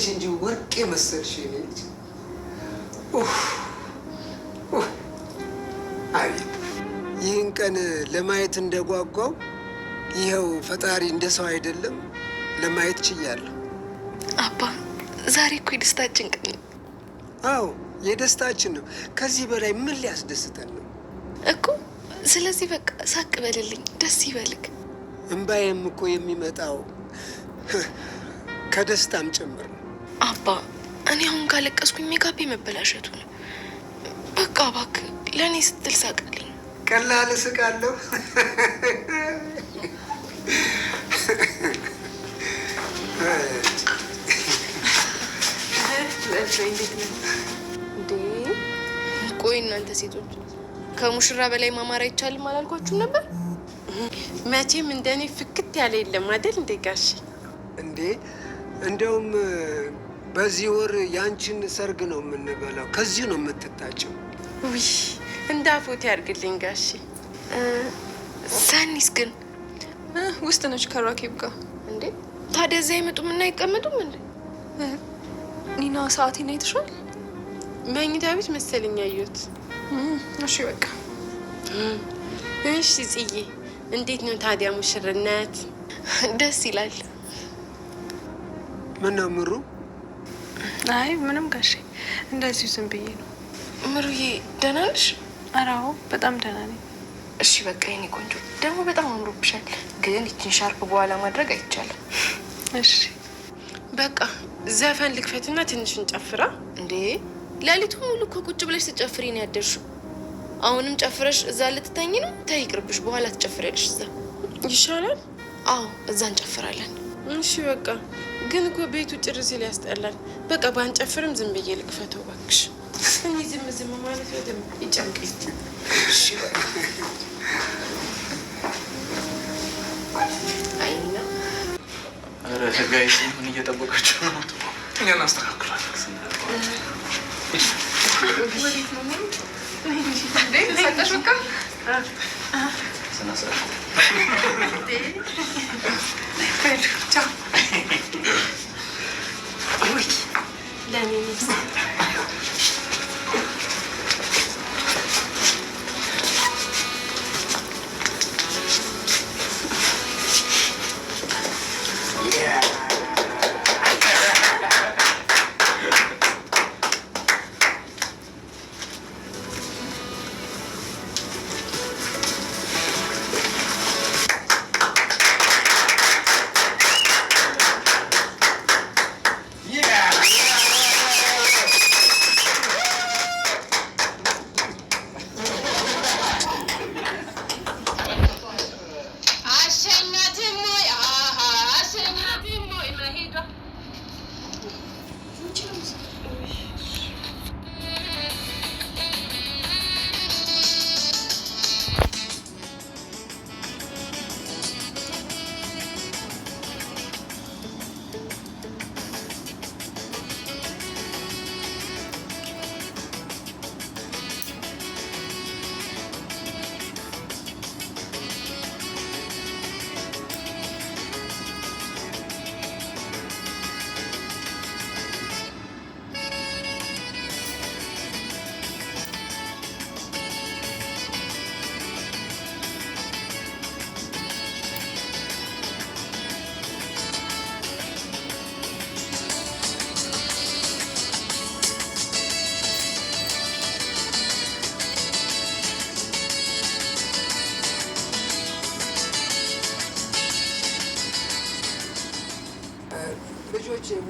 ነሽ እንጂ ወርቅ የመሰልሽ የኔ ልጅ። አቤት ይህን ቀን ለማየት እንደጓጓው ይኸው ፈጣሪ እንደ ሰው አይደለም፣ ለማየት ችያለሁ። አባ ዛሬ እኮ የደስታችን ቀን ነው። አዎ የደስታችን ነው። ከዚህ በላይ ምን ሊያስደስተን ነው እኮ። ስለዚህ በቃ ሳቅ በልልኝ፣ ደስ ይበልክ። እምባዬም እኮ የሚመጣው ከደስታም ጭምር ነው። አባ እኔ አሁን ካለቀስኩኝ ሜካፔ መበላሸቱ ነው። በቃ እባክህ ለእኔ ስትል ሳቅልኝ። ቀላል እስቃለሁ። ቆይ እናንተ ሴቶች ከሙሽራ በላይ ማማር አይቻልም አላልኳችሁ ነበር? መቼም እንደኔ ፍክት ያለ የለም አይደል? እንዴ ጋሽ እንዴ እንደውም በዚህ ወር ያንቺን ሰርግ ነው የምንበላው። ከዚህ ነው የምትታጨው። ውይ እንዳፎት ያድርግልኝ ጋሺ። ሰኒስ ግን ውስጥ ነች ከራኬብ ጋር እንዴ? ታዲያ እዚያ አይመጡም እና አይቀመጡም እንዴ? ኒና ና ይትሻል። መኝታ ቤት መሰለኝ ያየሁት። እሺ በቃ እሺ። ጽዬ እንዴት ነው ታዲያ ሙሽርነት? ደስ ይላል። ምሩ? አይ ምንም ጋሼ፣ እንደዚሁ ዝም ብዬ ነው። ምሩዬ ደህና ነሽ? አራው በጣም ደህና ነኝ። እሺ በቃ የኔ ቆንጆ፣ ደግሞ በጣም አምሮብሻል። ግን ይችን ሻርፕ በኋላ ማድረግ አይቻልም። እሺ በቃ ዘፈን ልክፈትና ትንሽ እንጨፍራ። እንዴ ሌሊቱ ሙሉ እኮ ቁጭ ብለሽ ትጨፍሪ ነው አሁንም ጨፍረሽ እዛ ልትተኝ ነው? ተይቅርብሽ፣ በኋላ ትጨፍሪያለሽ እዛ። ይሻላል። አዎ እዛ እንጨፍራለን። እሺ በቃ ግን እኮ ቤቱ ጭር ሲል ያስጠላል። በቃ ባንጨፍርም ዝም ብዬ ልክፈተው እባክሽ። እኔ ዝም ዝም ማለት በደምብ ይጨንቅ። እሺ በቃ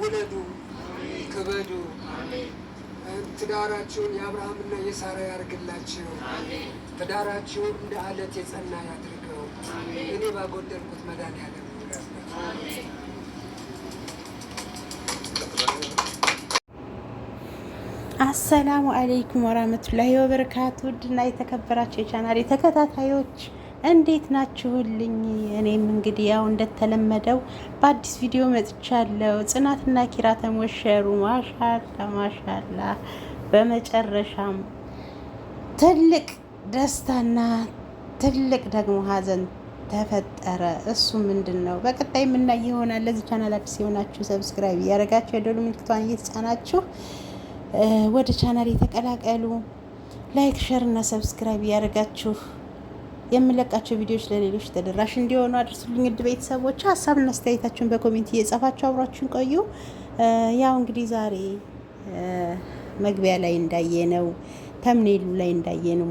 ውለዱ፣ ክበዱ። ትዳራችሁን የአብርሃምና የሳራ ያርግላችሁ። ትዳራችሁን እንደ አለት የጸና ያድርገው። እኔ ባጎደልኩት መዳን ያለ አሰላሙ አለይኩም ወራህመቱላሂ ወበረካቱ። ውድና የተከበራችሁ የቻናል ተከታታዮች እንዴት ናችሁልኝ? እኔም እንግዲህ ያው እንደተለመደው በአዲስ ቪዲዮ መጥቻለሁ። ጽናትና ኪራ ተሞሸሩ። ማሻላ ማሻላ። በመጨረሻም ትልቅ ደስታና ትልቅ ደግሞ ሀዘን ተፈጠረ። እሱ ምንድን ነው? በቀጣይ የምናይ ይሆናል። ለዚህ ቻናል አዲስ የሆናችሁ ሰብስክራይብ እያደረጋችሁ የደወል ምልክቷን እየተጫናችሁ ወደ ቻናል የተቀላቀሉ ላይክ፣ ሸር እና ሰብስክራይብ እያደረጋችሁ የምለቃቸው ቪዲዮዎች ለሌሎች ተደራሽ እንዲሆኑ አድርሱልኝ። ውድ ቤተሰቦች ሀሳብና አስተያየታችሁን በኮሜንት እየጻፋችሁ አብሯችሁን ቆዩ። ያው እንግዲህ ዛሬ መግቢያ ላይ እንዳየነው ተምኔሉ ላይ እንዳየነው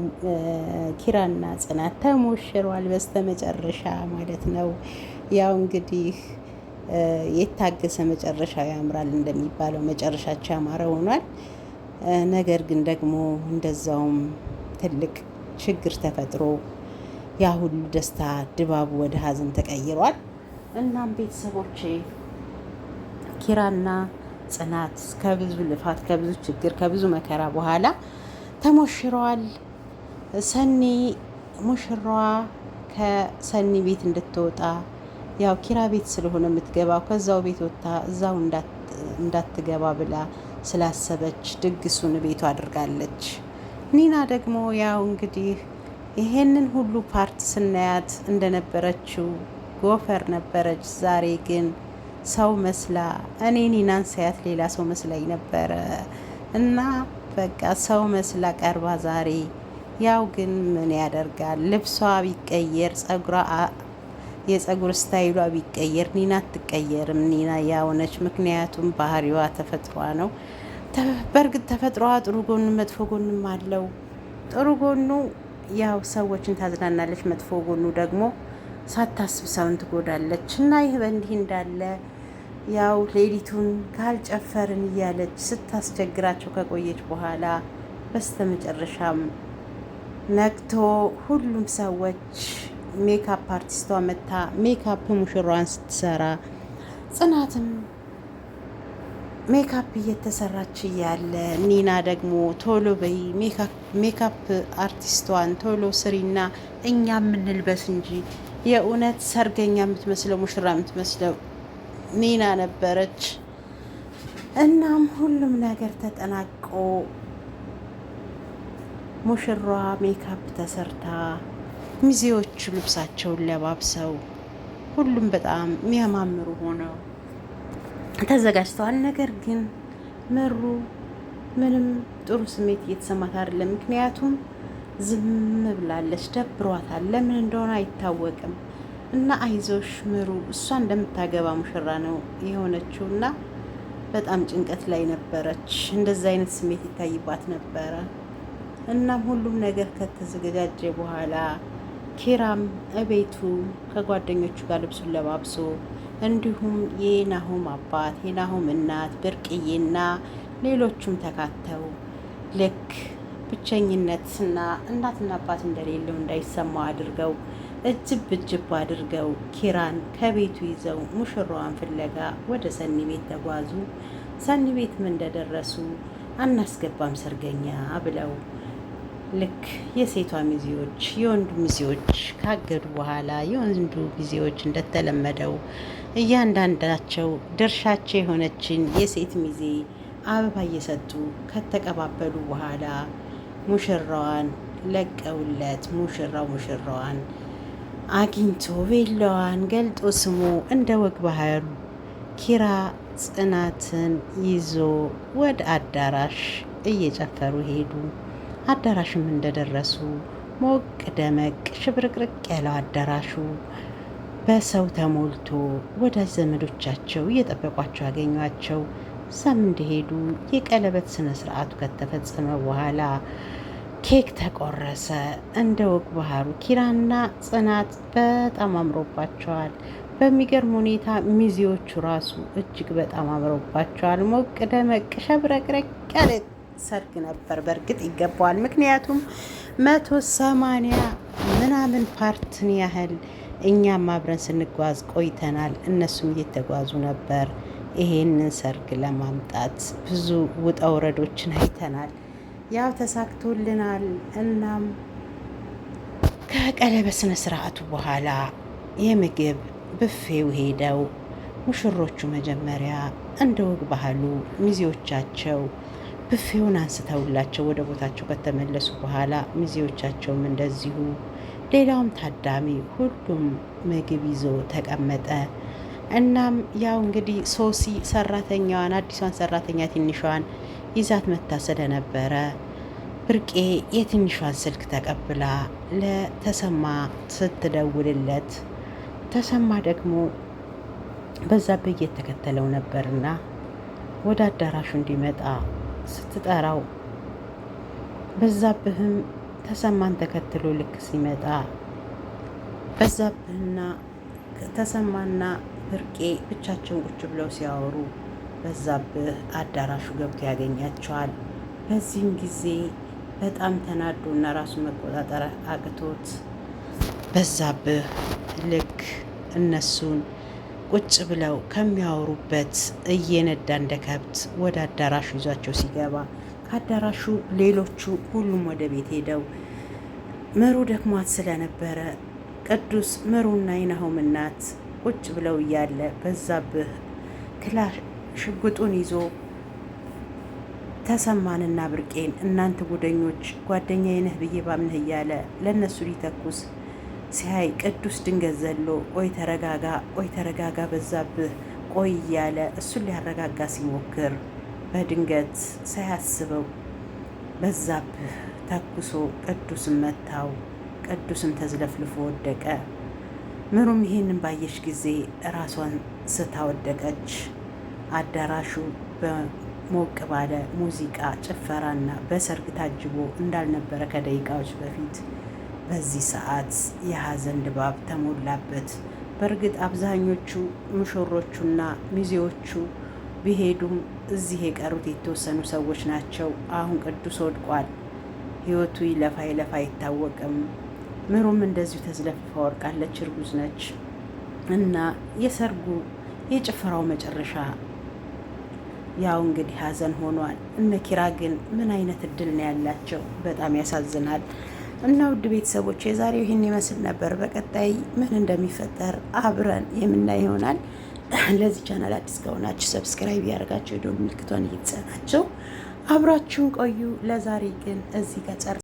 ኪራና ጽናት ተሞሽሯል በስተመጨረሻ ማለት ነው። ያው እንግዲህ የታገሰ መጨረሻው ያምራል እንደሚባለው መጨረሻቸው ያማረ ሆኗል። ነገር ግን ደግሞ እንደዛውም ትልቅ ችግር ተፈጥሮ ያ ሁሉ ደስታ ድባቡ ወደ ሀዘን ተቀይሯል። እናም ቤተሰቦቼ ኪራና ጽናት ከብዙ ልፋት፣ ከብዙ ችግር፣ ከብዙ መከራ በኋላ ተሞሽረዋል። ሰኒ ሙሽራዋ ከሰኒ ቤት እንድትወጣ ያው ኪራ ቤት ስለሆነ የምትገባው ከዛው ቤት ወጥታ እዛው እንዳትገባ ብላ ስላሰበች ድግሱን ቤቱ አድርጋለች። ኒና ደግሞ ያው እንግዲህ ይሄንን ሁሉ ፓርት ስናያት እንደነበረችው ጎፈር ነበረች። ዛሬ ግን ሰው መስላ እኔ ኒናን ሳያት ሌላ ሰው መስላኝ ነበረ እና በቃ ሰው መስላ ቀርባ ዛሬ ያው ግን ምን ያደርጋል ልብሷ ቢቀየር ጸጉሯ የጸጉር ስታይሏ ቢቀየር ኒና አትቀየርም። ኒና ያውነች። ምክንያቱም ባህሪዋ ተፈጥሯ ነው። በእርግጥ ተፈጥሯ ጥሩ ጎንም መጥፎ ጎንም አለው። ጥሩ ጎኑ ያው ሰዎችን ታዝናናለች፣ መጥፎ ጎኑ ደግሞ ሳታስብ ሰውን ትጎዳለች። እና ይህ በእንዲህ እንዳለ ያው ሌሊቱን ካልጨፈርን እያለች ስታስቸግራቸው ከቆየች በኋላ በስተመጨረሻም ነግቶ ሁሉም ሰዎች ሜካፕ አርቲስቷ መታ ሜካፕ ሙሽሯን ስትሰራ ጽናትም ሜካፕ እየተሰራች እያለ ኒና ደግሞ ቶሎ በይ ሜካፕ አርቲስቷን ቶሎ ስሪና እኛ የምንልበስ እንጂ የእውነት ሰርገኛ የምትመስለው ሙሽራ የምትመስለው ኒና ነበረች። እናም ሁሉም ነገር ተጠናቆ ሙሽሯ ሜካፕ ተሰርታ ሚዜዎቹ ልብሳቸውን ለባብሰው ሁሉም በጣም የሚያማምሩ ሆነው ተዘጋጅተዋል። ነገር ግን ምሩ ምንም ጥሩ ስሜት እየተሰማት አይደለም። ምክንያቱም ዝም ብላለች፣ ደብሯታል። ለምን እንደሆነ አይታወቅም። እና አይዞሽ ምሩ፣ እሷ እንደምታገባ ሙሽራ ነው የሆነችው እና በጣም ጭንቀት ላይ ነበረች። እንደዚ አይነት ስሜት ይታይባት ነበረ። እናም ሁሉም ነገር ከተዘገጃጀ በኋላ ኪራም እቤቱ ከጓደኞቹ ጋር ልብሱን ለባብሶ እንዲሁም የናሆም አባት የናሆም እናት ብርቅዬና ሌሎቹም ተካተው ልክ ብቸኝነትና እናትና አባት እንደሌለው እንዳይሰማው አድርገው እጅብ እጅብ አድርገው ኪራን ከቤቱ ይዘው ሙሽራዋን ፍለጋ ወደ ሰኒ ቤት ተጓዙ። ሰኒ ቤትም እንደደረሱ አናስገባም ሰርገኛ ብለው ልክ የሴቷ ሚዜዎች የወንዱ ሚዜዎች ካገዱ በኋላ የወንዱ ሚዜዎች እንደተለመደው እያንዳንዳቸው ድርሻቸው የሆነችን የሴት ሚዜ አበባ እየሰጡ ከተቀባበሉ በኋላ ሙሽራዋን ለቀውለት ሙሽራው ሙሽራዋን አግኝቶ ቤላዋን ገልጦ ስሞ እንደ ወግ ባህሉ ኪራ ጽናትን ይዞ ወደ አዳራሽ እየጨፈሩ ሄዱ። አዳራሽም እንደደረሱ ሞቅ ደመቅ ሽብርቅርቅ ያለው አዳራሹ በሰው ተሞልቶ ወዳጅ ዘመዶቻቸው እየጠበቋቸው ያገኟቸው እዛም እንደሄዱ የቀለበት ስነ ስርዓቱ ከተፈጸመ በኋላ ኬክ ተቆረሰ። እንደ ወግ ባህሩ ኪራና ጽናት በጣም አምሮባቸዋል። በሚገርም ሁኔታ ሚዜዎቹ ራሱ እጅግ በጣም አምሮባቸዋል። ሞቅ ደመቅ ሸብረቅረቅ ያለ ሰርግ ነበር። በእርግጥ ይገባዋል። ምክንያቱም መቶ ሰማንያ ምናምን ፓርትን ያህል እኛም አብረን ስንጓዝ ቆይተናል። እነሱም እየተጓዙ ነበር። ይሄንን ሰርግ ለማምጣት ብዙ ውጣ ውረዶችን አይተናል። ያው ተሳክቶልናል። እናም ከቀለበት ስነ ስርዓቱ በኋላ የምግብ ብፌው ሄደው ሙሽሮቹ መጀመሪያ እንደ ወግ ባህሉ ሚዜዎቻቸው ብፌውን አንስተውላቸው ወደ ቦታቸው ከተመለሱ በኋላ ሚዜዎቻቸውም እንደዚሁ ሌላውም ታዳሚ ሁሉም ምግብ ይዞ ተቀመጠ። እናም ያው እንግዲህ ሶሲ ሰራተኛዋን አዲሷን ሰራተኛ ትንሿን ይዛት መታ ስለነበረ ብርቄ የትንሿን ስልክ ተቀብላ ለተሰማ ስትደውልለት ተሰማ ደግሞ በዛብህ እየተከተለው ነበርና ወደ አዳራሹ እንዲመጣ ስትጠራው በዛብህም ተሰማን ተከትሎ ልክ ሲመጣ በዛብህና ተሰማና ብርቄ ብቻቸውን ቁጭ ብለው ሲያወሩ በዛብህ አዳራሹ ገብቶ ያገኛቸዋል። በዚህም ጊዜ በጣም ተናዶና ራሱን መቆጣጠር አቅቶት በዛብህ ልክ እነሱን ቁጭ ብለው ከሚያወሩበት እየነዳ እንደ ከብት ወደ አዳራሹ ይዟቸው ሲገባ ከአዳራሹ ሌሎቹ ሁሉም ወደ ቤት ሄደው ምሩ ደክሟት ስለነበረ ቅዱስ ምሩና የናሆም እናት ቁጭ ብለው እያለ በዛብህ ክላሽ ሽጉጡን ይዞ ተሰማንና ብርቄን እናንተ ጉደኞች ጓደኛ የነህ ብዬ ባምንህ እያለ ለእነሱ ሊተኩስ ሲያይ ቅዱስ ድንገት ዘሎ ቆይ ተረጋጋ፣ ቆይ ተረጋጋ በዛብህ ቆይ እያለ እሱን ሊያረጋጋ ሲሞክር በድንገት ሳያስበው በዛብህ ተኩሶ ቅዱስን መታው። ቅዱስም ተዝለፍልፎ ወደቀ። ምሩም ይህንን ባየች ጊዜ ራሷን ስታወደቀች አዳራሹ በሞቅ ባለ ሙዚቃ ጭፈራና በሰርግ ታጅቦ እንዳልነበረ ከደቂቃዎች በፊት በዚህ ሰዓት የሀዘን ድባብ ተሞላበት። በእርግጥ አብዛኞቹ ሙሽሮቹና ሚዜዎቹ ቢሄዱም እዚህ የቀሩት የተወሰኑ ሰዎች ናቸው። አሁን ቅዱስ ወድቋል። ህይወቱ ይለፋ ይለፋ አይታወቅም። ምሩም እንደዚሁ ተዝለፍፋ ወርቃለች። እርጉዝ ነች እና የሰርጉ የጭፈራው መጨረሻ ያው እንግዲህ ሀዘን ሆኗል። እነ ኪራ ግን ምን አይነት እድል ነው ያላቸው? በጣም ያሳዝናል። እና ውድ ቤተሰቦች የዛሬው ይህን ይመስል ነበር። በቀጣይ ምን እንደሚፈጠር አብረን የምናይ ይሆናል። ለዚህ ቻናል አዲስ ከሆናችሁ ሰብስክራይብ ያደርጋችሁ የደወል ምልክቷን እየተጫናችሁ አብራችሁን ቆዩ። ለዛሬ ግን እዚህ ጋር